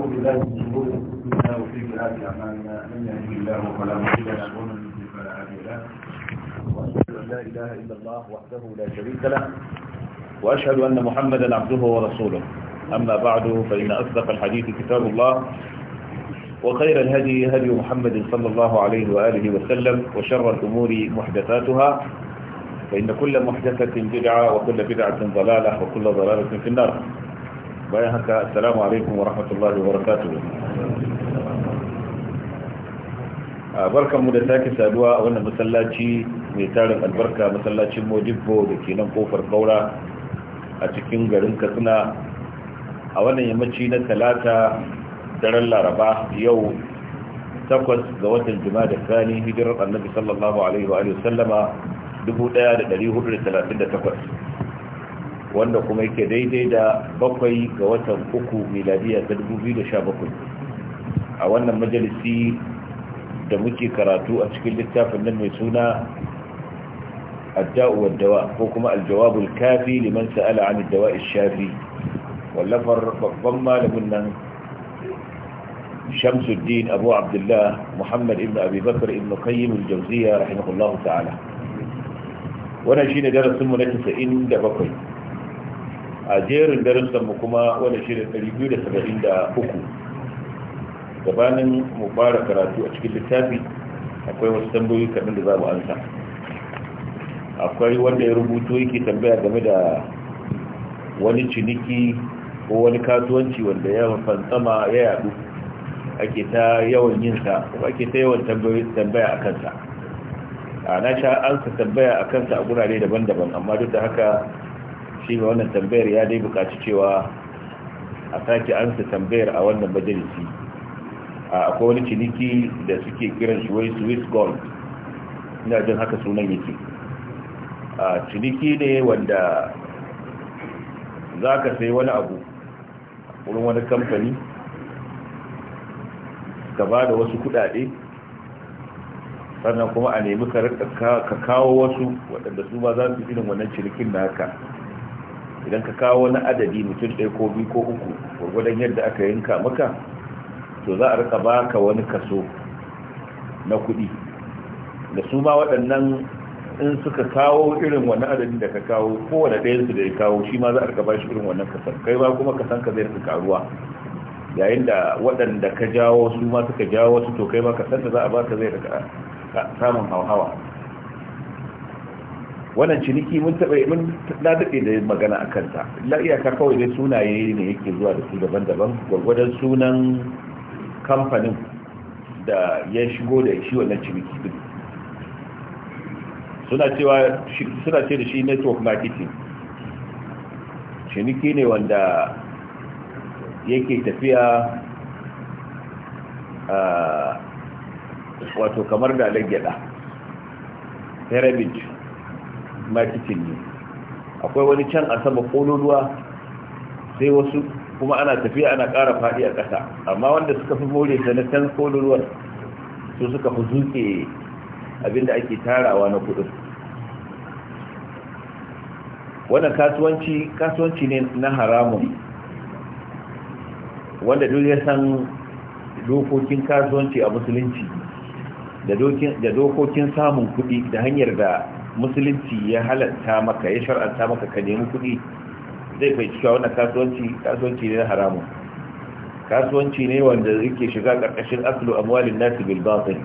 ونعوذ بالله من شرور انفسنا وسيئات اعمالنا من يهده الله فلا مضل له ومن يضلل فلا هادي له واشهد ان لا اله الا الله وحده لا شريك له واشهد ان محمدا عبده ورسوله اما بعد فان اصدق الحديث كتاب الله وخير الهدي هدي محمد صلى الله عليه واله وسلم وشر الامور محدثاتها فان كل محدثه بدعه وكل بدعه ضلاله وكل ضلاله في النار bayan haka assalamu alaikum wa rahmatullahi wa barakatuhu mu da sake saduwa a wannan masallaci mai tarin albarka masallacin mojibbo da ke nan kofar kaura a cikin garin katsina a wannan yammaci na talata daren laraba yau takwas ga watan jima'a da sani hijirar annabi sallallahu alaihi wa sallama 1438 wanda kuma yake daidai da bakwai ga watan uku miladiya ta 2017 a wannan majalisi da muke karatu a cikin littafin nan mai suna adda'u dawa ko kuma aljawabul kafi liman sa'ala an addawa shafi wallafar babban malamin nan shamsuddin abu abdullah muhammad ibn abi bakar ibn qayyim al-jawziyya rahimahullahu ta'ala wannan shine darasin mu na 97 a jerin mu kuma wani shi da 273 gabanin mu fara karatu a cikin littafi akwai wasu tambayoyi kaɗan da za mu ansa akwai wanda ya rubuto yake tambaya game da wani ciniki ko wani kasuwanci wanda ya fantsama ya yadu ake ta yawan yinsa ko ake ta yawan tambaya a kansa a na sha an ka tambaya a kansa a gurare daban-daban amma duk da haka shi mai wannan tambayar ya dai bukaci cewa a sake ansa tambayar a wannan majalisi akwai wani ciniki da suke kiran shi wai swiss gold ina jin haka sunan yake ciniki ne wanda za ka sai wani abu wurin wani kamfani ka ba da wasu kudade sannan kuma a nemi ka kawo wasu waɗanda su ba za su irin wannan cinikin na haka idan ka kawo wani adadi mutum ɗaya ko biyu ko uku gwagwadon yadda aka yanka maka to za a rika ba ka wani kaso na kuɗi da su ma waɗannan in suka kawo irin wani adadin da ka kawo kowane ɗayansu da ya kawo shi ma za a rika ba shi irin wannan kasan kai ba kuma kasan ka zai rika karuwa yayin da waɗanda ka jawo su ma suka jawo su to kai ma kasan da za a ba ka zai rika samun hauhawa wannan ciniki mun taɓa mun na daɗe da magana a kanta, la iyaka kawai dai sunaye ne yake zuwa da su daban-daban gwagwadon sunan kamfanin da ya shigo da shi wannan ciniki din suna cewa suna ce da shi network marketing ciniki ne wanda yake tafiya wato kamar da alayyada pyramid marketing ne akwai wani can a sama kololuwa sai wasu kuma ana tafiya ana ƙara faɗi a ƙasa amma wanda suka fi more ta na can kololuwar su suka fi zuke abinda ake tarawa na kuɗi wannan kasuwanci kasuwanci ne na haramun wanda duk ya san dokokin kasuwanci a musulunci da dokokin samun kuɗi da hanyar da musulunci ya halatta maka ya shar'anta maka ka nemi kuɗi zai bai cewa wannan kasuwanci kasuwanci ne na haramun kasuwanci ne wanda yake shiga ƙarƙashin aslu amwalin nasi bil batil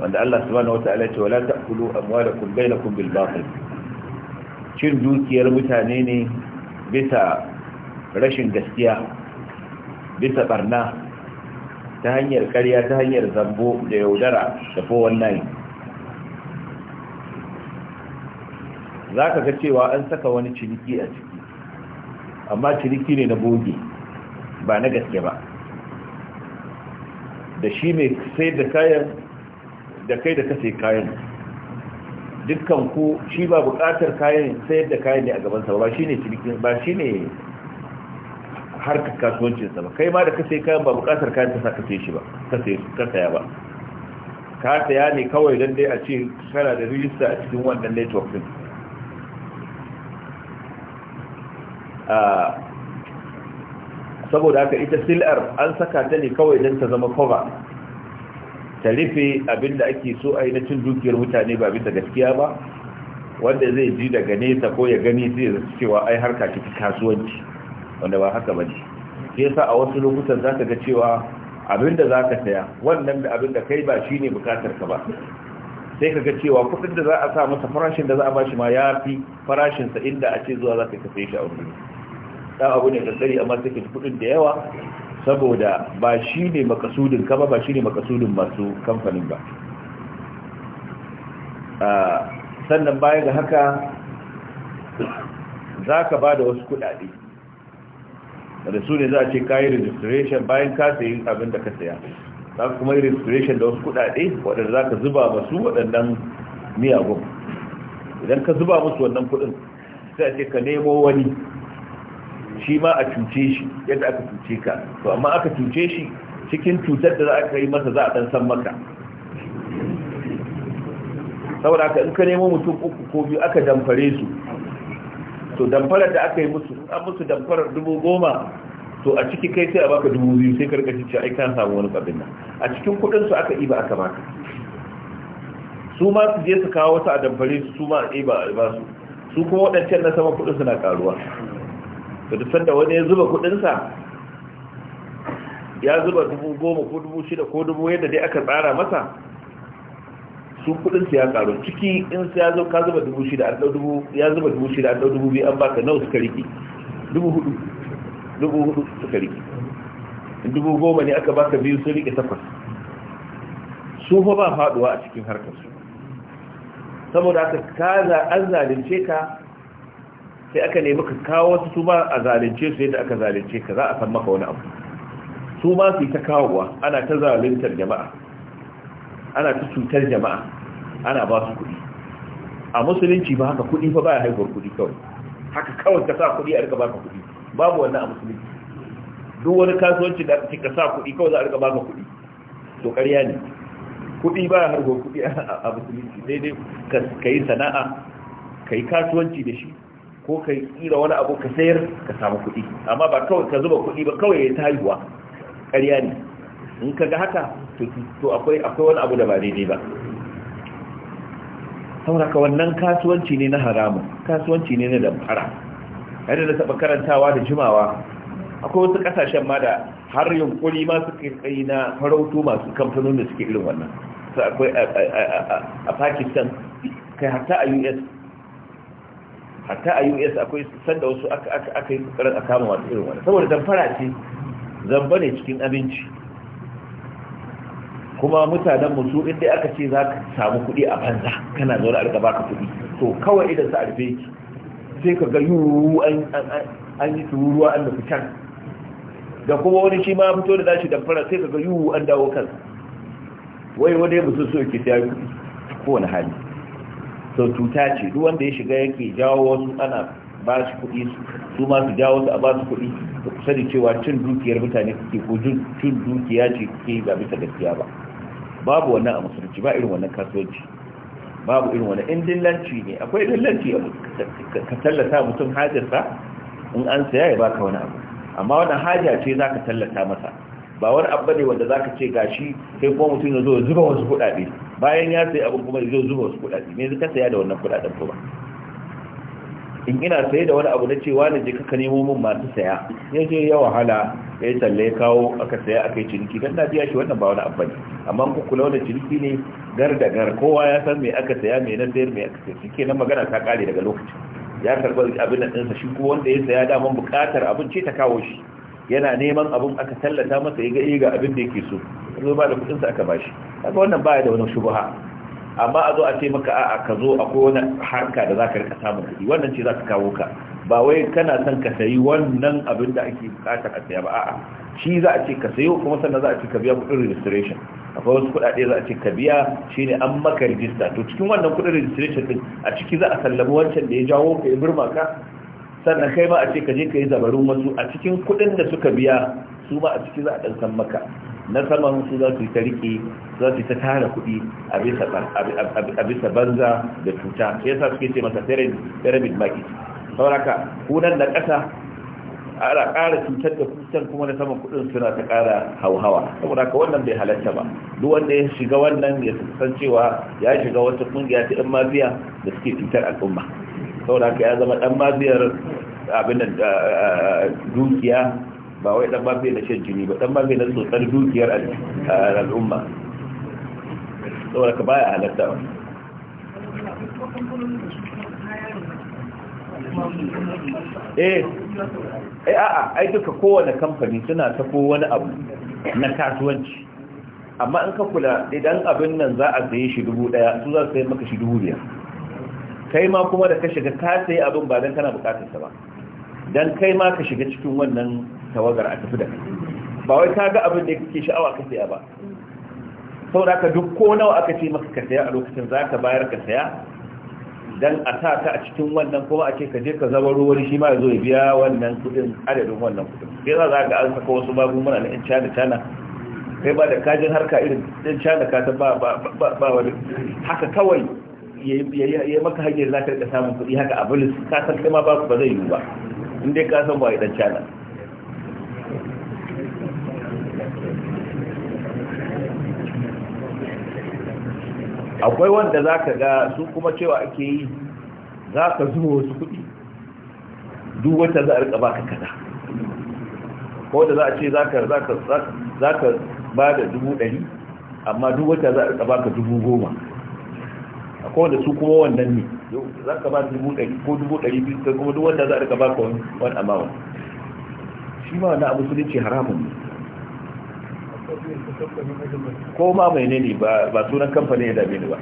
wanda Allah subhanahu wata'ala ce wala ta'kulu amwalakum bainakum bil batil cin dukiyar mutane ne bisa rashin gaskiya bisa barna ta hanyar ƙarya ta hanyar zambo da yaudara da 419 za ka ga cewa an saka wani ciniki a ciki amma ciniki ne na boge ba na gaske ba da shi mai sai da kayan da kai da ka sai kayan dukkan ku shi ba bukatar kayan sayar da kayan ne a gabansa ba shi ne cinikin ba shi ne harkar kasuwancinsa ba kai ma da ka sai kayan ba bukatar kayan ta sa ka sai shi ba ka saya ba ka saya ne kawai don dai a ce kana da rijista a cikin wannan network din saboda haka ita sil'ar an saka ta ne kawai don ta zama cover ta rufe abinda ake so a yi na cin dukiyar mutane ba bisa gaskiya ba wanda zai ji daga nesa ko ya gani zai zai cewa ai harka ciki kasuwanci wanda ba haka ba ne shi yasa a wasu lokutan za ka ga cewa abinda za ka saya wannan da abinda kai ba shi ne bukatar ka ba sai ka ga cewa kudin da za a sa masa farashin da za a ba shi ma ya fi farashinsa inda a ce zuwa za ka kasai shi a wurin da abu ne kankari amma take kudin da yawa saboda ba shi ne makasudin ka ba shi ne makasudin masu kamfanin ba sannan bayan da haka za ka ba da wasu kudade da su ne za a ce kayi registration bayan ka sayi abin da ka saya za ka kuma yi registration da wasu kudade waɗanda za ka zuba masu waɗannan miyagun idan ka zuba musu wannan kudin sai a ce ka nemo wani shi ma a cuce shi yadda aka cuce ka to amma aka cuce shi cikin cutar da za a kai masa za a dan san maka saboda haka in ka nemo mutum uku ko biyu aka damfare su to damfarar da aka yi musu an musu damfarar dubu goma to a ciki kai sai a baka dubu biyu sai karkashi ce ai kan samu wani babin nan a cikin kudin su aka iba aka baka su ma su je su kawo wasu a damfare su su ma a iba ba su su kuma waɗancan na sama kudin su na karuwa to duk da wani ya zuba kudinsa ya zuba dubu goma ko dubu shida ko dubu yadda dai aka tsara masa su kudinsa ya karu ciki in sai ya zo ka zuba dubu shida a dau dubu ya zuba dubu shida an dau dubu biyu an baka nau suka riki dubu hudu dubu hudu suka riki dubu goma ne aka baka biyu sun riƙe takwas su fa ba faduwa a cikin harkar su saboda ka kaza an zalunce ka sai aka nemi ka kawo wasu su ba a zalunce su yadda aka zalunce ka za a san maka wani abu su ma su yi ta kawowa ana ta zaluntar jama'a ana ta cutar jama'a ana ba su kuɗi a musulunci ba haka kuɗi fa baya haihuwar kuɗi kawai haka kawai ka sa kuɗi a rika baka kuɗi babu wannan a musulunci duk wani kasuwanci da ka sa kuɗi kawai za a rika baka kuɗi to ƙarya ne kuɗi ba haifar kuɗi a musulunci daidai ka yi sana'a ka yi kasuwanci da shi ko ka yi tsira wani abu ka sayar ka samu kuɗi amma ba kawai ka zuba kuɗi ba kawai ya ta haihuwa ƙarya ne in ka ga haka to akwai wani abu da ba daidai ba ka wannan kasuwanci ne na haramun kasuwanci ne na damfara yadda na taɓa karantawa da jimawa akwai wasu ƙasashen ma da har yunkuri ma suka yi na farautu masu kamfanonin da suke irin wannan akwai a pakistan kai hatta a us hatta a us akwai sanda wasu aka yi kokarin a kama wasu irin wani saboda zamfara ce zamba ne cikin abinci kuma mutanen musu inda aka ce za ka samu kuɗi a banza kana zaune a rika baka kuɗi to kawai idan sa arfe sai ka ga yuru an yi tururuwa an nufi can da kuma wani shi ma fito da dashi damfara sai ka ga yuru an dawo kansa wai wani mutum so ke ta yi kuɗi kowane hali to cuta ce duk wanda ya shiga yake jawo wasu ana ba su kuɗi su ma su jawo su a ba su kuɗi da kusa da cewa cin dukiyar mutane kuke ko cin dukiya ce kuke ba bisa gaskiya ba babu wannan a musulunci ba irin wannan kasuwanci babu irin wannan in dillanci ne akwai dillanci ka tallata mutum hajarsa in an saya ya baka wani abu amma wannan haja ce za ka tallata masa ba wani abu ne wanda za ka ce gashi sai kuma mutum ya zo ya zuba wasu kuɗaɗe bayan ya sai abin kuma zai zuba wasu kudade me zai ka saya da wannan kudaden kuma in ina sai da wani abu na cewa na je ka nemo min masu saya ya je ya wahala ya talle ya kawo aka saya aka yi ciniki don na biya shi wannan ba wani abu ne amma ku kula wani ciniki ne gar da gar kowa ya san me aka saya me na sayar me aka sayar shi nan magana ta kare daga lokaci ya karba abin nan sa shi kuma wanda ya saya daman bukatar abin ce ta kawo shi yana neman abin aka tallata masa ya ga ga abin da yake so zo ba da kuɗinsa aka bashi kaga wannan baya da wani shubha amma a zo a ce maka a'a ka zo akwai wani harka da zaka rika samun kudi wannan ce zaka kawo ka ba wai kana son ka sayi wannan abin da ake bukata ka saya ba a'a shi za a ce ka sayo kuma sannan za a ce ka biya kudin registration akwai wasu kudade za a ce ka biya shine an maka register to cikin wannan kudin registration din a ciki za a sallami wancan da ya jawo ka ya birma ka sannan kai ma a ce ka je ka yi zabarin wasu a cikin kudin da suka biya su ma a ciki za a ɗan san maka na saman su za su yi ta riƙe za su yi ta tara kuɗi a bisa banza da cuta Ya sa suke ce masa pyramid market sauraka kunan na ƙasa ana ƙara cutar da kusan kuma na saman kuɗin suna ta ƙara hauhawa saboda ka wannan bai halatta ba duk wanda ya shiga wannan ya san cewa ya shiga wata kungiya ta yan mafiya da suke cutar al'umma saboda ka ya zama ɗan mafiyar abin da eh, eh, dukiya ba wai dan babbe na shan jini ba dan babbe na tsotsar dukiyar al'umma saboda ka baya halatta ba eh eh a'a ai duka kowane kamfani suna ko wani abu na kasuwanci amma in ka kula idan abin nan za a saye shi dubu daya su za su sayi maka shi dubu biyar kai ma kuma da ka shiga ka sayi abin ba don kana bukatarsa ba don kai ma ka shiga cikin wannan tawagar a tafi da kai ba wai ka ga abin da kake sha'awa ka saya ba Sau da ka duk ko nawa aka ce maka ka saya a lokacin za ka bayar ka saya dan a sa ta a cikin wannan kuma a ce ka je ka zama ruwan shi ma ya zo ya biya wannan kudin adadin wannan kudin sai za za ga an saka wasu magunguna na 'yan cana cana kai ba da kajin harka irin 'yan cana ka ta ba ba wani haka kawai ya maka hanyar za ka rika samun kudi haka a bilis ka san kai ma ba zai yi ba in dai ka san ba ya dan cana akwai wanda za ka ga su kuma cewa ake yi za ka zuwa wasu kudi duk wata za a rika baka kaza ko da za a ce za ka ba da dubu ɗari amma duk wata za a rika baka dubu goma akwai wanda su kuma wannan ne za ka ba dubu ɗari ko dubu ɗari biyu kuma duk wata za a rika baka wani amma wani shi ma wani abu su ne ce haramun ne ko ma mai ne ba sunan kamfani ya dame ni ba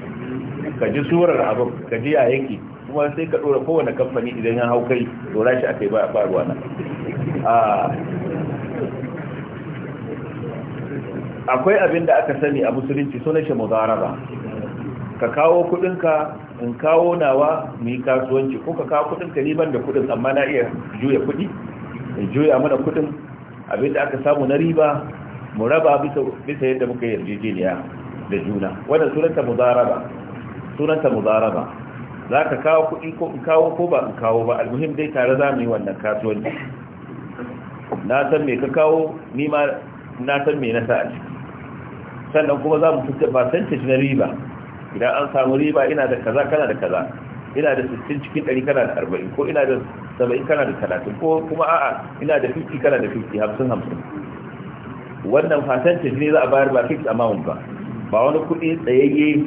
ka ji surar abin ka ji a yake kuma sai ka dora kowane kamfani idan ya hau kai dora shi aka yi ba a faruwa na akwai abin da aka sani a musulunci sunan shi mudaraba ka kawo kudinka in kawo nawa mu yi kasuwanci ko ka kawo kudinka liban da kudin amma na iya juya kudi in juya mana kudin abin da aka samu na riba mu raba bisa yadda muka yarjejeniya da juna wannan sunanta muzaraba sunanta muzaraba za ka kawo kuɗi ko in kawo ko ba in kawo ba almuhim dai tare za mu yi wannan kasuwanci na san me ka kawo ni ma na san me na sa a ciki sannan kuma za mu fitar percentage na riba idan an samu riba ina da kaza kana da kaza ina da 60 cikin 100 kana da 40 ko ina da 70 kana da 30 ko kuma a'a ina da 50 kana da 50 50 50 wannan percentage ne za a bayar ba fixed amount ba ba wani kuɗi tsayayye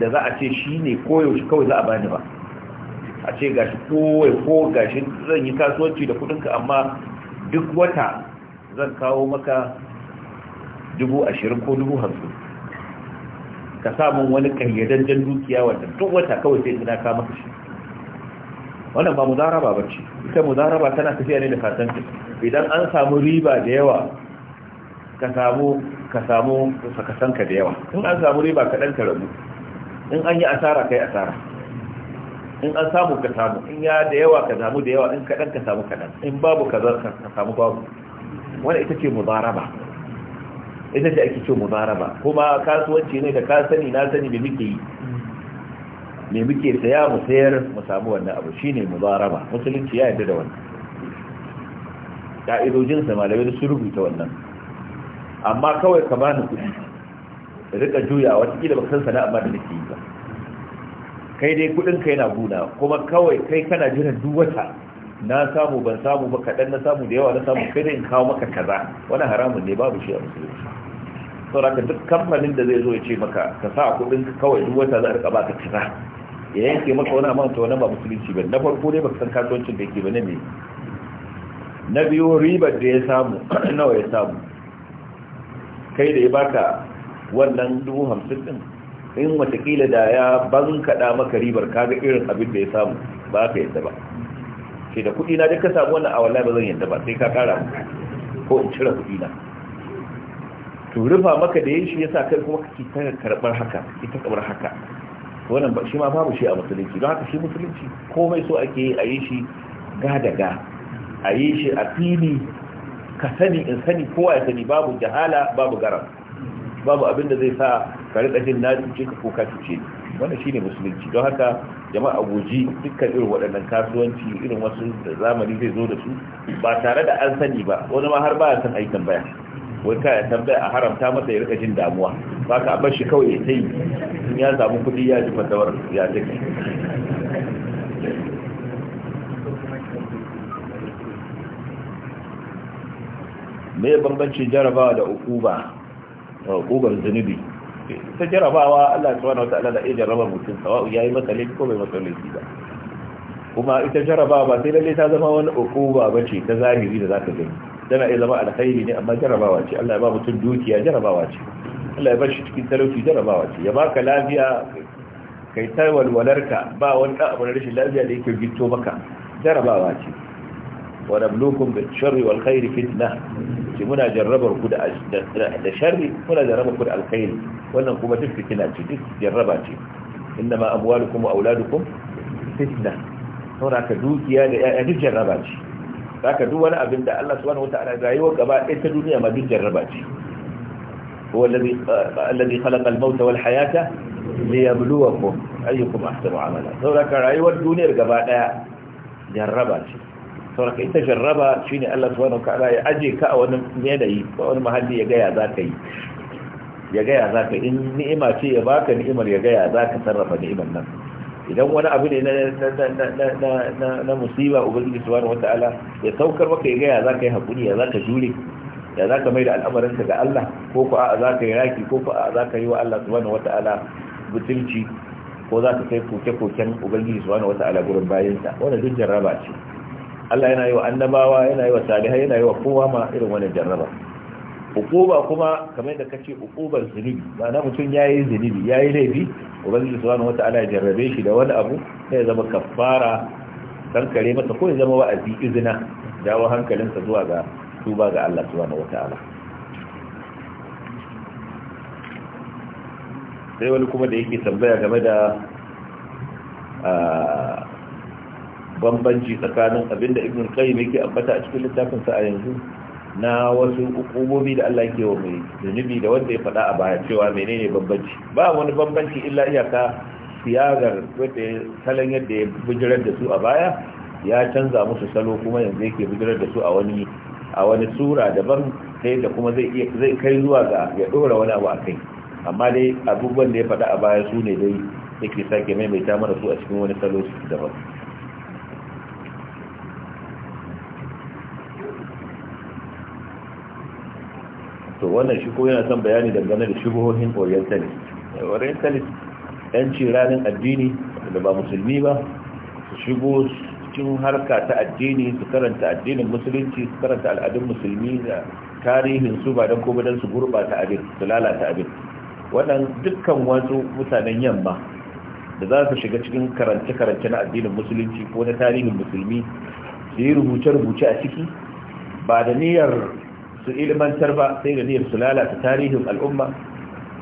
da za a ce shi ne koyaushe kawai za a bani ba a ce gashi kowai ko gashi zan yi kasuwanci da kuɗinka amma duk wata zan kawo maka dubu ashirin ko dubu hamsin ka samun wani kayyadajen dukiya wanda duk wata kawai sai ina ka maka shi wannan ba mu zaraba ba ce ita mu zaraba tana tafiya ne da fasantin idan an samu riba da yawa ka samu ka samu sakasanka da yawa in an samu riba kaɗan ka rabu in an yi asara kai asara in an samu ka samu in ya da yawa ka samu da yawa in kaɗan ka samu kaɗan in babu ka samu babu wani ita ce mubaraba ita ce ake ce mubaraba kuma kasuwanci ne da ka sani na sani da muke yi me muke saya mu sayar mu samu wannan abu shine mubaraba musulunci ya yarda da wannan ka'idojin sa malamai da su rubuta wannan amma kawai ka bani kuɗi da rika juya watakila ba san sana'a ma da nake yi ba kai dai kudin ka yana guna kuma kawai kai kana jiran duk wata na samu ban samu ba kaɗan na samu da yawa na samu kai dai in kawo maka kaza wani haramun ne babu shi a musulunci sauraka duk kamfanin da zai zo ya ce maka ka sa kudin ka kawai duk wata za a rika baka kaza ya yanke maka wani amanta wani ba musulunci ba na farko dai baka san kasuwancin da yake ba ne. na biyu ribar da ya samu nawa ya samu kai da ya baka wannan dubu hamsin din in watakila da ya da maka ribar kaga irin abin da ya samu ba ka yadda ba sai da kuɗi na duka ka samu wannan a wallahi ba zan yadda ba sai ka ƙara ko in cire kuɗi na to rufa maka da yashi shi yasa kai kuma kake ta karbar haka ita kamar haka wannan ba shi ma babu shi a musulunci don haka shi musulunci komai so ake yi a yi shi ga da ga a yi shi a fili ka sani in sani kowa ya sani babu jahala babu garam babu abin da zai sa ka rika jin na cuce ka ko ka cuce ni wannan shine musulunci don haka jama'a goji dukkan irin waɗannan kasuwanci irin wasu da zamani zai zo da su ba tare da an sani ba wani ma har baya san aikin baya wai ka ya tambaya a haramta masa ya rika jin damuwa ba ka bar shi kawai ya ta in ya samu kuɗi ya ji fasawar ya take me bambancin jarabawa da ukuba ukubar zunubi ita jarabawa Allah subhanahu wataala da iya jarraba mutum sawa'u yayi masa laifi ko bai masa laifi ba kuma ita jarabawa ba sai lalle ta zama wani ukuba ba ce ta zahiri da za zaka gani tana iya zama alkhairi ne amma jarabawa ce Allah ya ba mutum dukiya jarabawa ce Allah ya bar shi cikin talauci jarabawa ce ya baka lafiya kai ta walwalarka ba wani abu na rashin lafiya da yake gito maka jarabawa ce wa nablukum bi sharri wal khairi fitna ce muna jarrabar ku da sharri muna jarrabar ku da alkhairi wannan kuma duk fitina ce duk jarraba ce inna ma amwalukum wa auladukum fitna saboda ka dukiya da ya'ya duk jarraba ce zaka duk wani abin da Allah subhanahu wataala rayuwar gaba ɗaya ta duniya ma duk jarraba ce هو الذي الذي خلق الموت والحياة ليبلوكم أيكم أحسن عملا ذلك رأيوا الدنيا gaba daya jarraba ce sauraka ita jarraba ne Allah subhanahu wataala ya aje ka a wani yanayi a wani mahalli ya gaya za ka yi ya gaya za ka in ni'ima ce ya baka ni'imar ya gaya za ka sarrafa ni'imar nan idan wani abu ne na musiba ubangiji subhanahu wataala ya saukar maka ya gaya za ka yi haƙuri ya za ka jure ya za ka mai da al'amarinka ga Allah ko ku a za ka yi raki ko ku a za ka yi wa Allah subhanahu wataala butulci ko za ka kai koke-koken ubangiji subhanahu wataala gurin bayansa wani duk jarraba ce Allah yana yi wa annabawa yana yi wa salihai yana yi wa kowa ma irin wani jarraba uƙuba kuma kamar da kace ukubar zunubi ma'ana mutum yayi zunubi yayi laifi ubangiji subhanahu wata'ala ya jarrabe shi da wani abu sai ya zama kafara dan kare masa ko ya zama wa'azi izina dawo hankalinsa zuwa ga tuba ga Allah subhanahu wata'ala sai wani kuma da yake tambaya game da ah, bambanci tsakanin abinda ibn qayyim yake ambata a cikin littafin sa a yanzu na wasu hukumomi da Allah yake wa mai zunubi da wanda ya faɗa a baya cewa menene bambanci ba wani bambanci illa iyaka siyagar wanda salon yadda ya bijirar da su a baya ya canza musu salo kuma yanzu yake bujirar da su a wani a wani sura daban sai da kuma zai iya zai kai zuwa ga ya dora wani abu a kai amma dai abubuwan da ya fada a baya su ne dai yake sake maimaita mana su a cikin wani salo daban to wannan shi ko yana son bayani dangane da shubuhohin orientalist orientalist yanci ranar addini da ba musulmi ba su shigo cikin harka ta addini su karanta addinin musulunci su karanta al'adun musulmi da tarihin su ba don kuma don su gurbata abin su lalata abin wannan dukkan wasu mutanen yamma da za su shiga cikin karance-karance na addinin musulunci ko na tarihin musulmi su yi rubuce-rubuce a ciki ba da niyyar su ilmantar ba sai da niyyar su lalata tarihin al'umma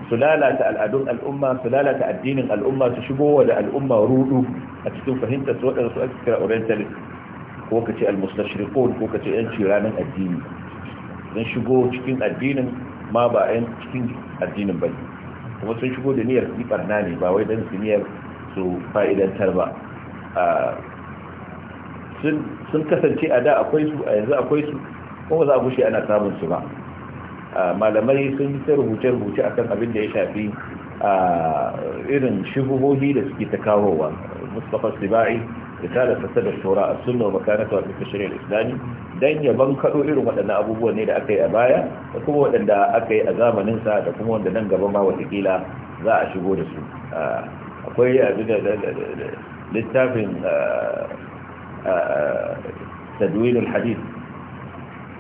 su lalata al'adun al'umma su lalata addinin al'umma su shigo wa da al'umma rudu a cikin fahimtar su waɗanda su ake kira orientalist ko ka ce al mustashriqun ko ka ce yan ciranin addini sun shigo cikin addinin ma ba yan cikin addinin ba kuma sun shigo da niyyar su barna ne ba wai dan su niyyar su fa'idantar ba ah, sun kasance a da akwai su a yanzu akwai su kuma za a gushe ana samun su ba malamai sun ta rubuce-rubuce akan abin da ya shafi irin shubuhohi da suke ta kawowa mustapha sibai da ta da da a sunna wa makaranta wa fita shirya islami don yaban kaɗo irin waɗannan abubuwan ne da aka yi a baya da kuma waɗanda aka yi a zamaninsa da kuma wanda nan gaba ma watakila za a shigo da su akwai abin da littafin tadwilul hadith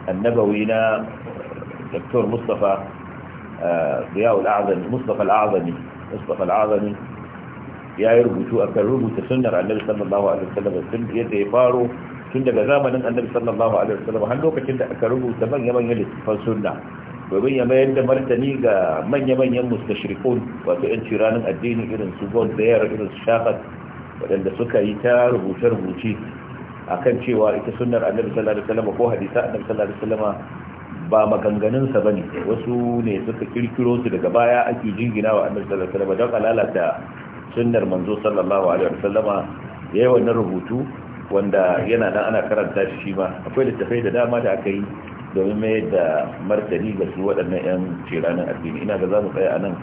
annabawi na Dr. Mustafa Ziyaul Azami Mustafa Al-Azami Mustafa Al-Azami ya yi rubutu akan rubuta sunnar annabi sallallahu alaihi wasallam tun yadda ya faro tun daga zamanin annabi sallallahu alaihi wasallam har lokacin da aka rubuta manya-manyan littattafan sunna domin ya mayar da martani ga manya-manyan mustashrikun wato yan ciranin addini irin su Gold Bayer irin su Shafat waɗanda suka yi ta rubuce-rubuce akan cewa ita sunnar annabi sallallahu alaihi wasallam ko hadisa annabi sallallahu alaihi wasallam ba maganganun sa bane wasu ne suka kirkiro su daga baya ake jingina wa annabi sallallahu alaihi wasallam don alalata sunnar manzo sallallahu alaihi wasallam yayin wannan rubutu wanda yana nan ana karanta shi ma akwai littafai da dama da aka yi domin mai da martani ga su waɗannan 'yan ciranin addini ina ga za mu tsaya a nan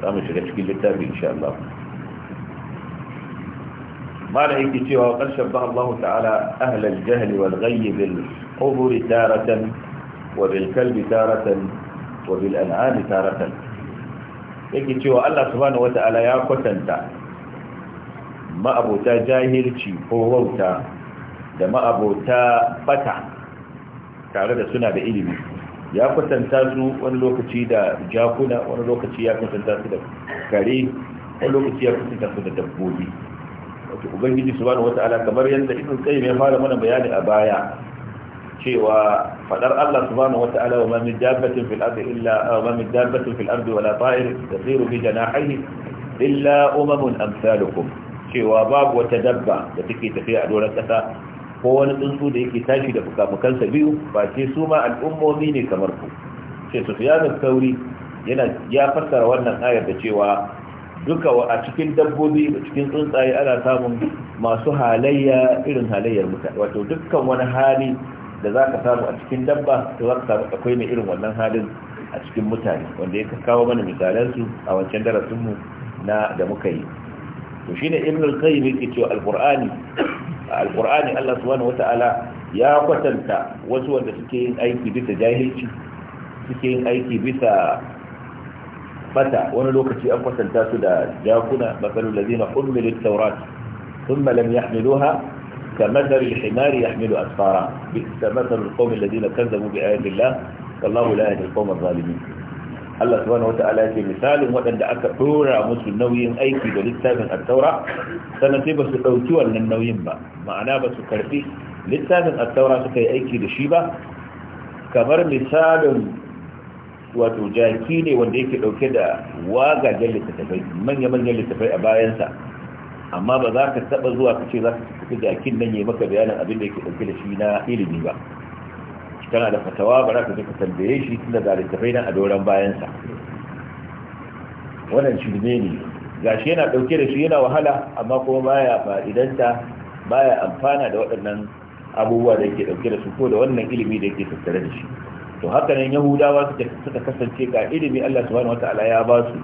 za mu shiga cikin littafi insha Allah ما لا يكتشف وقد شبه الله تعالى أهل الجهل والغي بالحضور تارة وبالكلب تارة وبالأنعام تارة يكتشف الله سبحانه وتعالى يا كتنتا ما أبوتا جاهلتي وووتا da ma'abota bata tare da suna da ilimi ya kwatanta su wani lokaci da jakuna wani lokaci ya kwatanta su da kare wani lokaci ya kwatanta su da dabbobi wato ubangiji subhanahu wata'ala kamar yadda ibn qayyim ya fara mana bayani a baya cewa fadar Allah subhanahu wata'ala wa ma min dabbatin fil ardi illa wa ma min dabbatin fil ardi wala ta'ir yasiru bi janahihi illa umamun amsalukum cewa babu wata dabba da take tafiya a doron kasa ko wani tsuntsu da yake tashi da fukafukansa biyu ba ce su ma al'ummomi ne kamar ku ce su fiya da yana ya fassara wannan ayar da cewa duka a cikin dabbobi a cikin tsuntsaye ana samun masu halayya irin halayyar mutane wato dukkan wani hali da za ka samu a cikin dabba to za ka samu akwai mai irin wannan halin a cikin mutane wanda ya kawo mana misalansu a wancan darasinmu na da muka yi to shi ne ibn al-qayyim yake cewa al-qur'ani al-qur'ani Allah subhanahu wata'ala ya kwatanta wasu wanda suke yin aiki bisa jahilci suke yin aiki bisa fata wani lokaci an kwatanta su da jakuna masalu lazina ummilu taurat thumma lam yahmiluha kamathal al-himar yahmilu asfara bi tamathal al-qawm alladhina kadzabu bi ayati llah wallahu la yahdi al-qawm adh-dhalimin Allah subhanahu wata'ala ya ce misalin waɗanda aka dora musu nauyin aiki da littafin attaura sannan ba su ɗauki wannan nauyin ba ma'ana ba su karfi littafin attaura suka yi aiki da shi ba kamar misalin wato jaki ne wanda yake dauke da wagagen littattafai manya-manyan littattafai a bayansa amma ba za ka taba zuwa ka ce za ka tafi jakin nan ya maka bayanin abin da yake dauke da shi na ilimi ba kana da fatawa ba za ka je ka tambaye shi tun da littattafai nan a doron bayansa wannan shirme ne gashi yana dauke da shi yana wahala amma kuma baya fa'idanta baya amfana da waɗannan abubuwa da yake dauke da su ko da wannan ilimi da yake tattare da shi to haka nan yahudawa suka kasance ga ilimi Allah subhanahu wataala ya ba su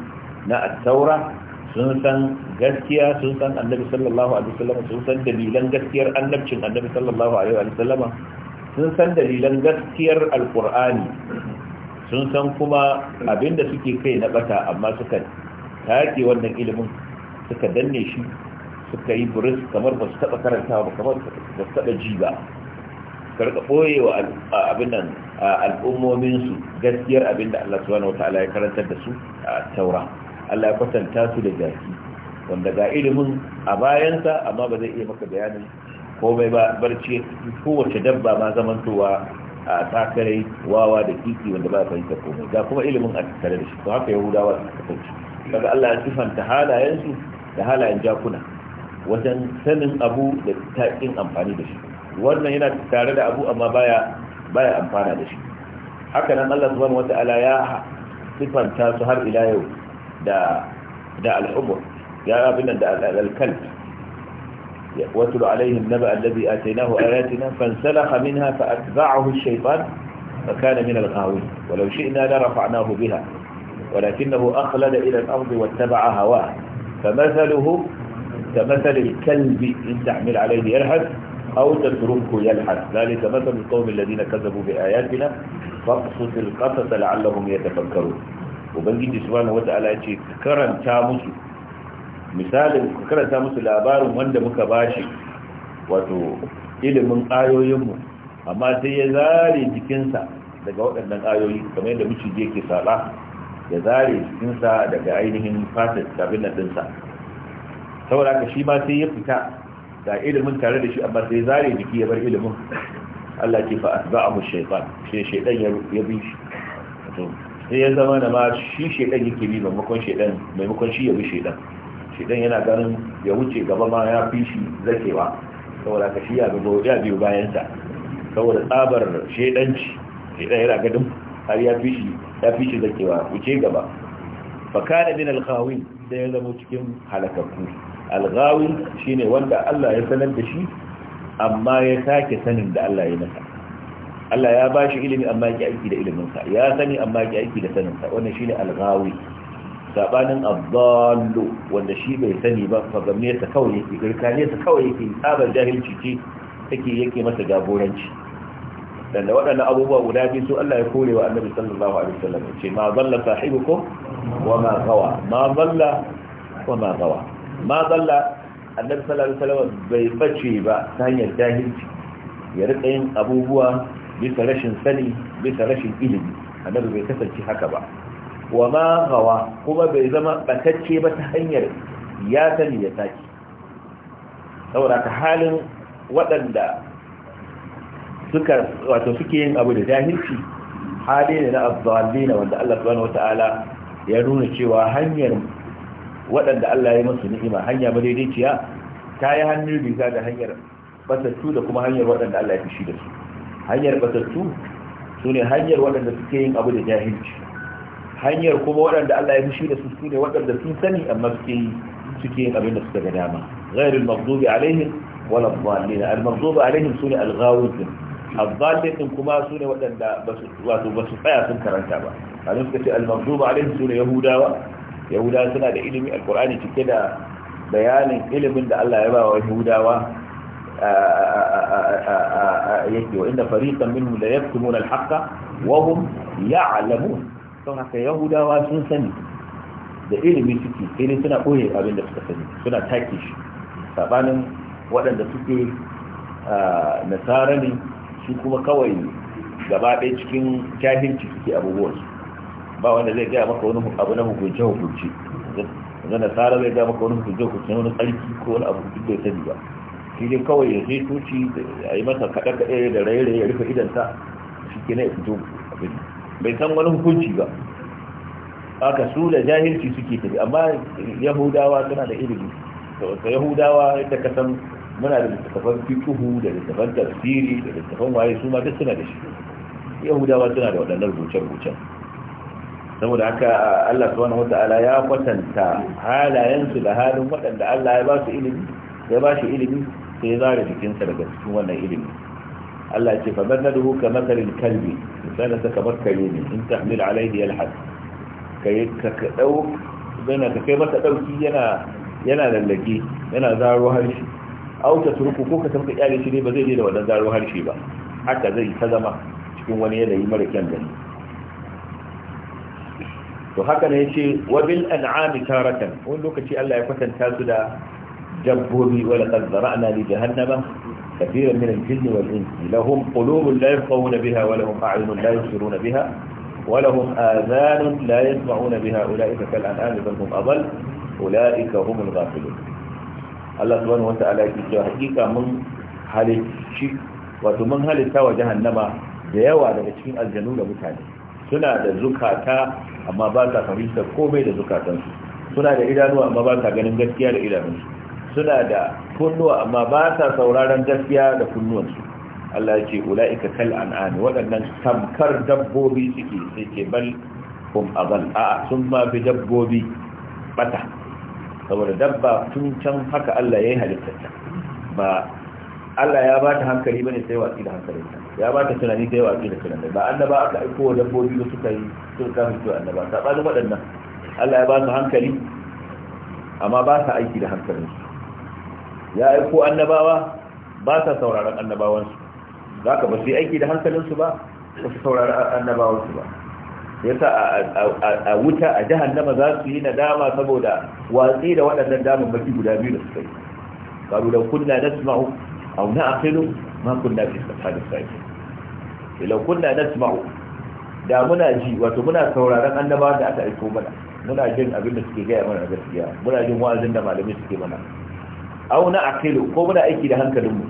na at-taura sun san gaskiya sun san annabi sallallahu alaihi wasallam sun san dalilan gaskiyar annabcin annabi sallallahu alaihi wasallam sun san dalilan gaskiyar alqur'ani sun san kuma abinda suke kai na bata amma suka take wannan ilimin suka danne shi suka yi buris kamar ba su taba karantawa ba kamar ba su taba ji ba karka boye wa abin nan al'ummominsu gaskiyar abin da Allah subhanahu wataala ya karantar da su a taura Allah ya kwatanta su da jaki wanda ga ilimin a bayansa amma ba zai iya maka bayanin komai ba barci kowace dabba ma zamantowa a takarai wawa da kiki wanda ba fahimta komai ga kuma ilimin a tattare da shi to haka yahudawa su kasance daga Allah ya sifanta halayensu da halayen jakuna wajen sanin abu da taƙin amfani da shi wannan yana tare da abu amma baya baya amfana da shi haka nan Allah subhanahu wata'ala ya sifanta su har ila yau da da al'umur ya abin da al-kalb واتل عليه النبأ الذي آتيناه آياتنا فانسلخ منها فأتبعه الشيطان فكان من الغاوين ولو شئنا لرفعناه بها ولكنه أخلد إلى الأرض واتبع هواه فمثله كمثل الكلب إن تعمل عليه يلهث أو تتركه يلحد ذلك مثل القوم الذين كذبوا بآياتنا فاقصد القصص لعلهم يتفكرون وبنجي سبحانه وتعالى يجي كرم تامس مثال كرم تامس الآبار وند مكباشي wato ilimin ayoyinmu amma sai ya zare jikinsa daga waɗannan ayoyi kamar yadda miciji ke saba ya zare jikinsa daga ainihin fatis abin dinsa saboda ka shi ma sai ya fita da ilimin tare da shi amma sai zare jiki ya bar ilimin Allah ke fa asba'ahu shaytan sai shaytan ya bi shi to sai ya zama da ma shi shaytan yake bi maimakon shaytan maimakon shi ya bi shaytan shaytan yana ganin ya wuce gaba ma ya fi shi zakewa saboda ka shi ya gaba ya biyo bayan sa saboda tsabar shaytanci shaytan yana gadin har ya fi shi ya fi shi zakewa wuce gaba fa kana min al-khawin da ya zama cikin halakakku algawi shine wanda Allah ya sanar da shi amma ya take sanin da Allah ya nasa. Allah ya bashi ilimi amma ya aiki da iliminsa ya sani amma ya aiki da saninsa wannan shine algawi sabanin abdallu wanda shi bai sani ba fagamne ta kawai yake girkane ta kawai yake tsabar jahilci ce take yake masa jagoranci dan da waɗannan abubuwa guda biyu su Allah ya wa Annabi sallallahu alaihi wasallam ce ma dalla sahibukum wa ma gawa ma dalla wa ma gawa ma zalla annabi sallallahu alaihi wasallam bai bace ba ta hanyar jahilci ya rika yin abubuwa bisa rashin sani bisa rashin ilimi annabi bai kasance haka ba wa ma gawa kuma bai zama batacce ba ta hanyar ya sani ya saki saboda ta halin waɗanda suka wato suke yin abu da jahilci hali ne na azzalina wanda Allah subhanahu wataala ya nuna cewa hanyar waɗanda Allah ya yi musu ni'ima hanya madaidaiciya ta yi hannun riga da hanyar batattu da kuma hanyar waɗanda Allah ya fi shi da su hanyar batattu su ne hanyar waɗanda suke yin abu da jahilci hanyar kuma waɗanda Allah ya fi shi da su su ne waɗanda sun sani amma suke yi suke yin abin da suka ga dama ghairul maghdubi alaihim wala dhallin al maghdubi alaihim sune al ghawidin al dhallin kuma sune waɗanda wato ba su tsaya sun karanta ba a suka ce al maghdubi alaihim sune yahudawa yahuda suna da ilimi alkur'ani cike da bayanin ilimin da Allah ya ba wa yahudawa yake wa inda fariqan minhum la yaktumuna al wa hum ya'lamun don haka yahudawa sun sani da ilimi suke sai suna ɓoye abinda da suka sani suna take shi sabanin waɗanda suke nasara ne su kuma kawai gaba ɗaya cikin jahilci suke abubuwansu ba wanda zai gaya maka wani abu na hukunce hukunce yanzu na tsara zai gaya maka wani hukunce hukunce wani tsarki ko wani abu duk bai sani ba shi ne kawai ya sai tuci a yi masa kaɗa kaɗe da raye ya rufe idanta shi ke na ya fito bai san wani hukunci ba haka su da jahilci suke tafi amma yahudawa suna da ilimi da yahudawa yadda ka san muna da littattafan fituhu, da littattafan tafsiri da littattafan waye su ma duk suna da shi yahudawa suna da waɗannan rubuce-rubucen saboda haka Allah subhanahu wata'ala ya kwatanta halayensu da halin waɗanda Allah ya ba su ilimi ya ba shi ilimi sai ya zara jikinsa daga cikin wannan ilimi Allah ya ce fa mathaluhu ka mathalil kalbi misalin sa kamar kare ne in tahmil alaihi yalhad kai ka ka dau gana ka kai masa dauki yana yana lallake yana zaro harshe au ta turku ko ka tafi kyale shi ne ba zai je da wannan zaro harshe ba haka zai ta zama cikin wani yanayi mara kyan gani to haka ne yace wa bil an'ami taratan wani lokaci Allah ya kwatanta su da dabbobi wa laqad zara'na li jahannama kathiran min al-jinni wal insi lahum qulubun la yafqahuna biha wa lahum a'yunun la yusiruna biha wa lahum adhanun la yasma'una biha ulaika kal an'ami bal hum adall ulaika humul ghafilun Allah subhanahu wa ta'ala ya ce hakika mun halicci wato mun halitta wa jahannama da yawa daga cikin aljanu da mutane suna da zukata amma ba ta fahimtar komai da zukatansu suna da idanuwa amma ba ta ganin gaskiya da idanunsu suna da kunnuwa amma ba ta sauraron gaskiya da kunnuwansu Allah ya ce ula'ika kal an'ami waɗannan tamkar dabbobi suke sai ke bal hum abal a sun ma fi dabbobi bata saboda dabba tun can haka Allah ya yi halittarta ba Allah ya ba ta hankali bane sai watsi da ta. ya ba ta tunani da yawa a da tunani ba annaba aka aiko wa dabbobi da suka yi sun kafin su annaba saɓanin waɗannan Allah ya ba su hankali amma ba sa aiki da hankalin su ya aiko annabawa ba sa sauraron annabawansu za ka ba su yi aiki da hankalinsu ba ba su sauraron annabawansu ba Ya sa a wuta a jahannama za su yi nadama saboda watsi da waɗannan damar damammaki guda biyu da suka yi karu da kunna nasma'u aw na'qilu ma kunna fi safalis sakin ilau eh, kunna nasma'u da muna ji wato muna sauraron annaba da aka aiko mana muna jin abin da suke gaya mana gaskiya muna jin wa'azin da malami suke mana au na akilu ko muna aiki da hankalinmu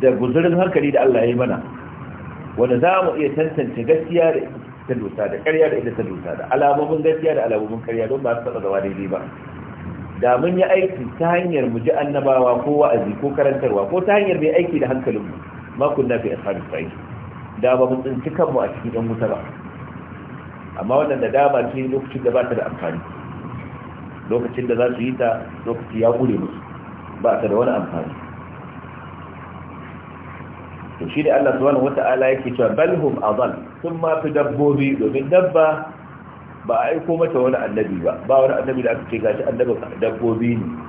da guzurin hankali da Allah ya yi mana wanda za mu iya tantance gaskiya da ta dosa da ƙarya da ita ta dosa da alamomin gaskiya da alamomin ƙarya don ba su taɓa zama daidai ba da mun yi aiki ta hanyar mu ji annabawa ko wa'azi ko karantarwa ko ta hanyar mai aiki da hankalinmu ma kunna fi ashabis sa'id da ba mu tsinci kanmu a cikin yan wuta ba amma wannan da ba ce lokacin da ba ta da amfani lokacin da za su yi ta lokaci ya gure musu ba ta da wani amfani to shi da Allah subhanahu wata'ala yake cewa balhum adal sun ma fi dabbobi domin dabba ba a aiko mata wani annabi ba ba wani annabi da aka ce gashi annabin dabbobi ne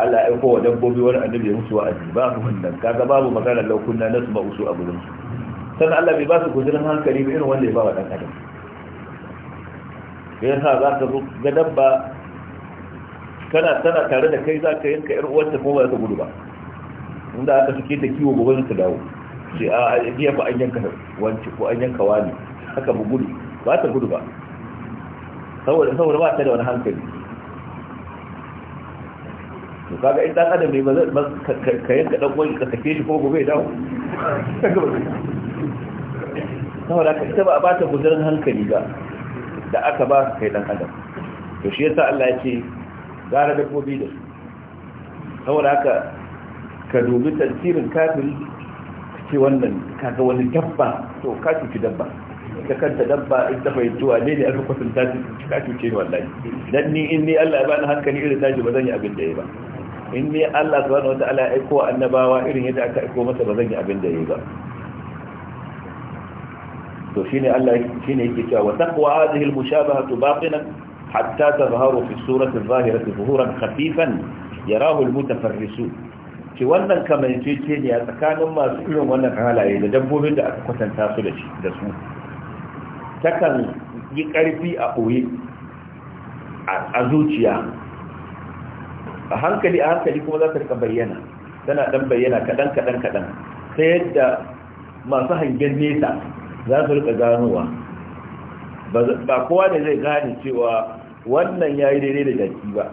Allah ya kowa dabbobi wani annabi ya musu wa'azi ba su wannan kaga babu magana laukunna na su ma'usu a gurin su sannan Allah bai ba su guzurin hankali ba irin wanda ya ba wa dan adam ya sa za ka ga dabba kana tana tare da kai za ka yanka yar uwarta ko ba za ta gudu ba inda aka suke ta kiwo gobe su dawo sai a iya ba an yanka wance ko an yanka wani haka bu gudu ba ta gudu ba saboda saboda ba ta da wani hankali to kaga in dan adam ne ba ka yanka dan uwan ka sake shi ko gobe ya dawo saboda ka ita ba a ta guzarin hankali ba da aka ba kai dan adam to shi yasa Allah ya ce gara dabbobi da saboda haka ka dubi tasirin kafin ce wannan kaga wani dabba to ka cuci dabba Ka kanta dabba in ta fahimci ne ne aka kwatanta ta cuce ni wallahi dan ni in ni Allah ya bani hankali irin tashi ba zan yi abin da ya ba in ne Allah subhanahu wata ala aiko annabawa irin yadda aka aiko masa ba zan yi abin da yi ba to shine Allah shine yake cewa wa taqwa hadhihi al-mushabahatu baqina hatta tazharu fi surati adh-dhahirati zuhuran khafifan yarahu al-mutafarrisun ce wannan kamancece ne a tsakanin masu irin wannan halaye da dabbobin da aka kwatanta su da shi da su takan yi karfi a ɓoye a zuciya a hankali a hankali kuma za ta rika bayyana tana dan bayyana kadan kadan kadan ta yadda masu hangen nesa za su rika ganowa ba kowa ne zai gane cewa wannan ya yi daidai da jaki ba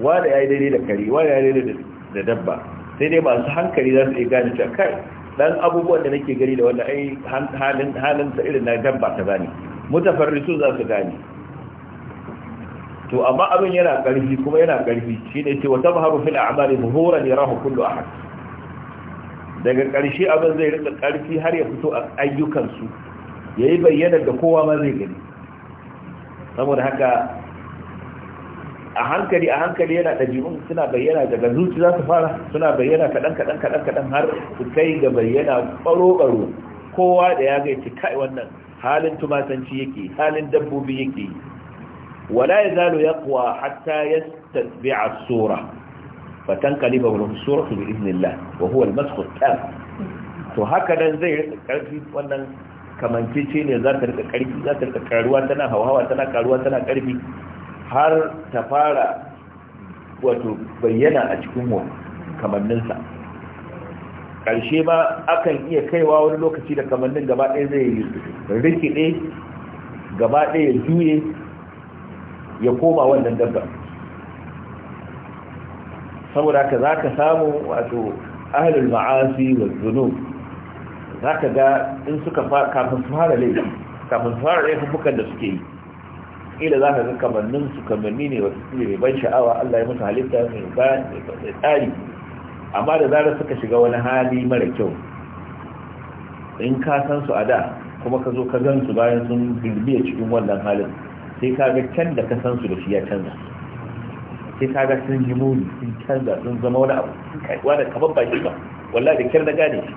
wanda ya yi daidai da kare wanda ya yi daidai da dabba sai dai masu hankali za su iya gane cewa kai dan abubuwan da nake gari da wanda ai halin halin sa irin na dabba ta gane mutafarrisu za su gane to amma abin yana karfi kuma yana karfi shine ce wata baharu fil a'mali zuhuran yarahu kullu ahad daga karshe abin zai rika karfi har ya fito a ayyukan su yayi bayyana da kowa ma zai gani saboda haka a hankali a hankali yana ɗabi'un suna bayyana daga zuci za su fara suna bayyana kaɗan kaɗan kaɗan kadan har su kai ga bayyana baro-baro kowa da ya ci kai wannan halin tumatanci yake halin dabbobi yake ولا يزال يقوى حتى يستتبع السورة فتنقلب له السورة بإذن الله وهو المسخ التام فهكذا زي الكرفي وانا كمان تيشيني ذات الكرفي ذات الكرواتنا هوهواتنا كرواتنا كرفي har ta fara wato bayyana a cikin kamanninsa ƙarshe ma akan iya kaiwa wani lokaci da kamannin gaba ɗaya zai rikide gaba ɗaya juye ya koma wannan dabba saboda ka za ka samu wato ahalul ma'asi wa zunub za ka ga in suka kafin fara laifi kafin su fara laifin bukan da suke yi ila za ka ga kamannin su kamanni ne wasu ne mai ban sha'awa Allah ya musu halitta mai ba mai tsari amma da zarar suka shiga wani hali mara kyau in ka san su a da kuma ka zo ka gan su bayan sun bilbiya cikin wannan halin sai kaga can da ka san su da shi ya canza sai kaga sun yi muni sun canza sun zama wani abu kaiwa da kaban ba shi ba wallahi da kyar na gane shi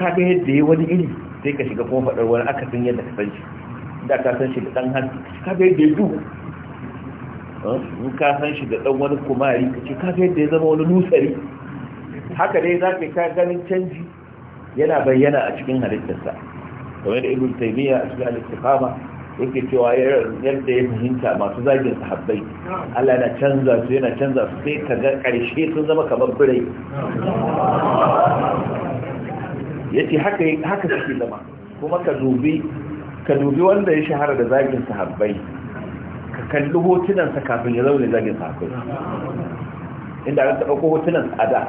kaga yadda ya wani iri sai ka shiga kuma faɗar wani aka sun yadda ka san shi da ka san shi da ɗan hannu kaga yadda ya duk in ka san shi da ɗan wani kumari ka ce kaga yadda ya zama wani nusari haka dai za ka ganin canji yana bayyana a cikin halittarsa kamar da ibn taymiya a cikin al-istiqama yake cewa yadda ya fahimta masu zagin sahabbai Allah na canza su yana canza su sai ka ga ƙarshe sun zama kamar birai ya ce haka suke zama kuma ka dubi wanda ya shahara da zagin sahabbai ka kalli hotunansa kafin ya zaune zagin sahabbai inda an taɓa hotunan a da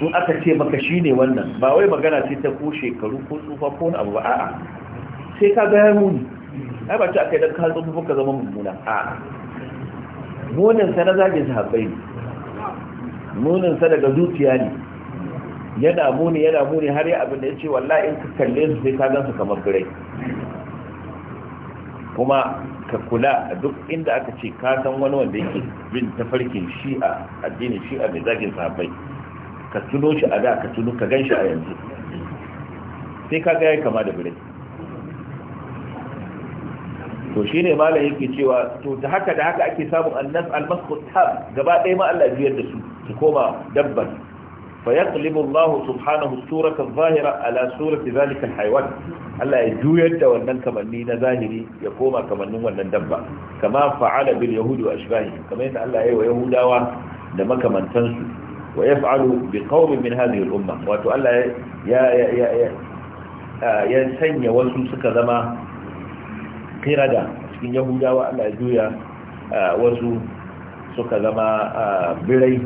sun aka ce maka shi ne wannan ba wai magana ce ta ko shekaru ko tsufa ko wani abu ba a'a sai ka ga ya muni ai ba ta kai da ka tsofi ka zama mummuna a munin sa na zagin sahabbai ne munin sa daga zuciya ne yana muni yana muni har ya abin da ya ce wallahi in ka kalle su sai ka gan su kamar birai kuma ka kula a duk inda aka ce ka san wani wanda yake bin tafarkin shi'a addinin shi'a mai zagin sahabbai ka tuno shi a da ka tuno ka gan shi a yanzu sai ka ga ya kama da birai to ne malam ke cewa to da haka da haka ake samun annas almasku tab gaba ɗaya ma Allah biyar da su su koma dabban fa yaqlibu Allah subhanahu surata zahira ala surati zalika alhayawan Allah ya juyar da wannan kamanni na zahiri ya koma kamannin wannan dabba kama fa'ala bil yahudi wa ashbahi kamar yadda Allah ya yi wa yahudawa da makamantansu wa yaf'alu bi qaumin min hadhihi al-umma wato Allah ya ya ya ya sanya wasu suka zama kirada cikin yahudawa allah ya juya wasu suka zama birai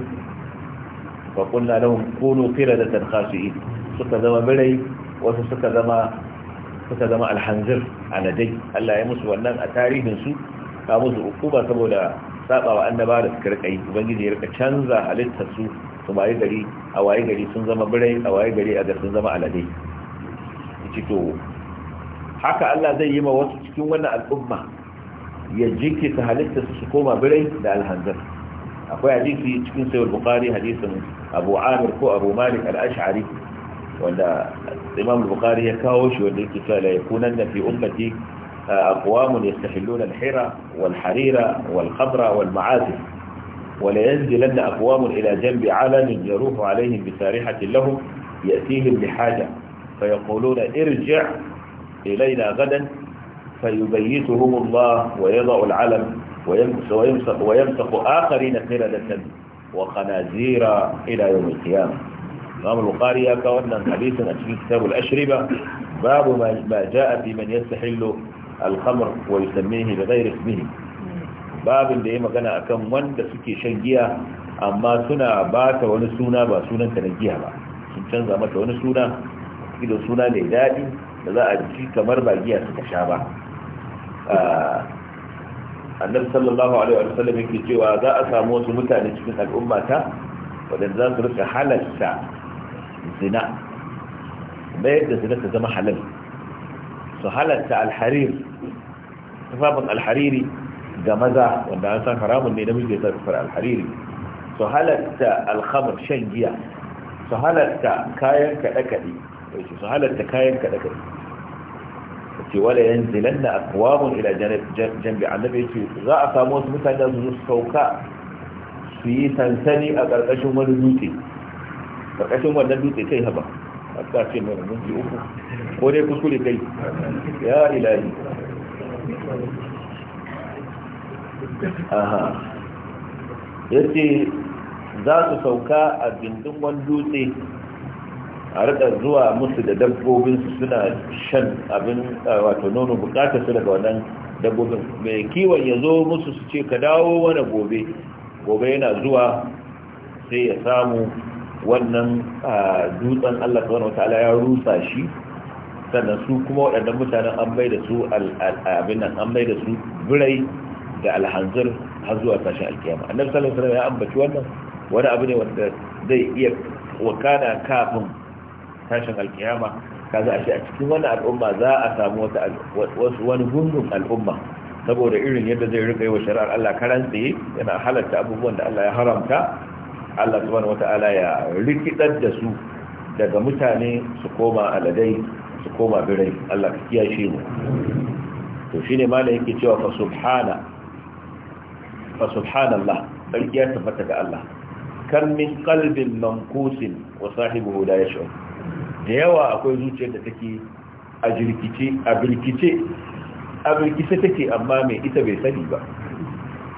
fa kunna lahum kunu qiradatan khasi'in suka zama birai wasu suka zama suka zama alhanzir aladai Allah ya musu wannan a tarihin su ta musu saboda sabawa annaba da suka rika yi ubangiji ya rika canza halittar su su gari a waye gari sun zama birai a waye gari a ga sun zama aladai to haka Allah zai yi ma wasu cikin wannan al'umma ya jinkita halitta su koma birai da alhanzar akwai hadisi cikin sayar bukari hadisin abu amir ko abu malik al'ashari wanda imam bukari ya kawo shi wanda yake cewa la yakunan na fi ummati uh, aqwamun yastahilluna al-hira wal harira wal khamra wal ma'azif ولا ينزلن أقوام إلى جنب علم يروح عليهم بسارحة لهم يأتيهم بحاجة فيقولون ارجع إلينا غدا فيبيتهم الله ويضع العلم ويمسخ, ويمسخ, ويمسخ آخرين قرد النبي وخنازير إلى يوم القيامة الإمام البخاري يكون حديثا في كتاب الأشربة باب ما جاء في من يستحل الخمر ويسميه بغير اسمه babin da ya magana akan wanda suke shan giya amma suna ba ta wani suna ba sunanta na giya ba sun canza mata wani suna ido suna mai daɗi da za a ji kamar ba giya suka sha ba ah, annabi sallallahu alaihi wa yake cewa za a samu wasu mutane cikin al'umma ta wadanda za su rika halarta zina bayar yadda zina ta zama halal su halarta alharir tufafin alhariri ga maza wanda an san haramun ne namiji ya sarrafa alhariri su halarta alhamar shan giya su halarta kayan kaɗe-kaɗe yace su halatta kayan ka da kai ce wala yanzilanna aqwamun ila janbi annabi ce za a samu wasu mutane da su sauka su yi sansani a ƙarƙashin wani dutse karkashin wannan dutse kai haba hatta ce mai minti uku ko dai kuskure kai ya ilahi aha yace za su sauka a bindin wani dutse a rika zuwa musu da su suna shan abin wato nono bukatar su daga wannan dabbobin mai kiwon ya zo musu su ce ka dawo wani gobe gobe yana zuwa sai ya samu wannan dutsen allah wani wataala ya rusa shi sannan su kuma waɗannan mutanen an bai da su abin nan an bai da su birai da alhanzir har zuwa tashin alkiyama annabi sallallahu alaihi wasallam ya ambaci wannan wani abu ne wanda zai iya wakana kafin tashin alkiyama Kaza ashe a cikin wani al'umma za a samu wasu wani gungun al'umma saboda irin yadda zai rika yi wa shari'ar Allah karan tsaye yana halatta abubuwan da Allah ya haramta Allah subhanahu wata'ala ya rikidar da su daga mutane su koma aladai su koma birai Allah ka kiyashe mu to shine malam yake cewa fa subhana fa subhanallah sarki ya tabbata ga Allah kan min qalbin mankusin wa sahibihi la yash'ur da yawa akwai zuciyar da take a jirkice a birkice a birkice take amma mai ita bai sani ba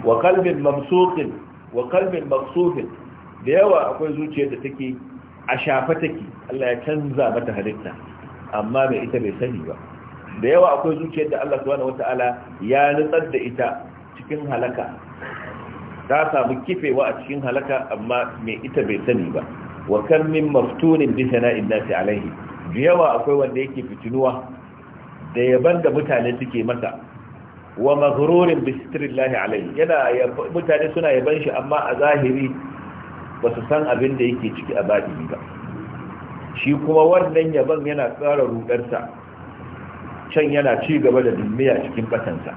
wa kalbin mamsukin wa kalbin maksufin da yawa akwai zuciyar da take a shafa take Allah ya canza mata halitta amma mai ita bai sani ba da yawa akwai zuciyar da Allah subhanahu wataala ya nutsar da ita cikin halaka ta samu kifewa a cikin halaka amma mai ita bai sani ba wa kan min maftunin bi sana'in nasi alaihi da akwai wanda yake fitinuwa da yaban da mutane suke masa wa maghrurin bi sitrillahi alaihi yana mutane suna yaban shi amma a zahiri ba su san abin da yake ciki a batini ba shi kuma wannan yaban yana tsara rudarsa can yana ci gaba da dimmiya cikin kasansa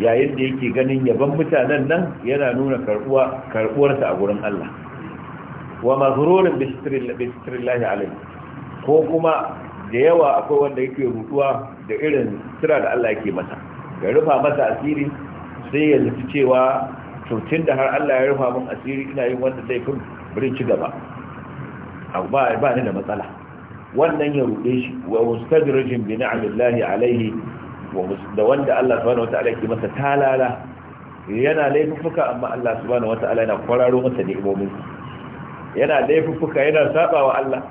yayin da yake ganin yaban mutanen nan yana nuna karbuwarsa a gurin Allah wa mazurorin bi sitrillahi alayhi ko kuma da yawa akwai wanda yake rutuwa da irin sira da Allah yake masa ya rufa masa asiri sai ya zaci cewa tutun da har Allah ya rufa mun asiri ina yin wanda laifin bari ci gaba ba ni da matsala wannan ya rude shi wa mustajrijin bi ni'amillahi alayhi da wanda Allah subhanahu wataala yake masa talala yana laifuka amma Allah subhanahu wataala yana kwararo masa ni'imomin yana laifuffuka yana saba wa Allah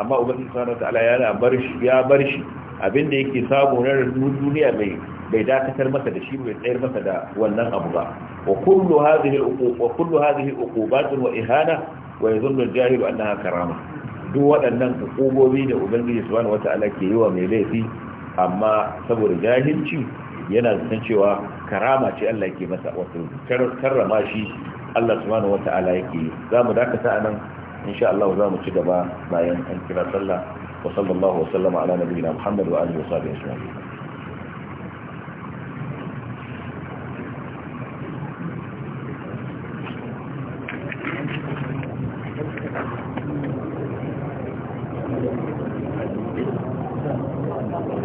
amma ubangiji subhanahu wataala yana bar shi ya bar shi abinda yake samu na duniya mai bai dakatar masa da shi bai tsayar masa da wannan abu ba wa kullu hadhihi al wa kullu hadhihi al-uqubat wa ihana wa yadhunnu al-jahil annaha karama duk waɗannan hukumomi da ubangiji subhanahu wataala ke yi wa mai laifi amma saboda jahilci yana zaton cewa karama ce Allah yake masa wato karrama shi Allah subhanahu wata'ala yake yi za mu dakata a nan insha Allah za mu ci gaba bayan an kira sallah wa sallallahu wa sallama ala nabiyina Muhammad wa alihi wa sahbihi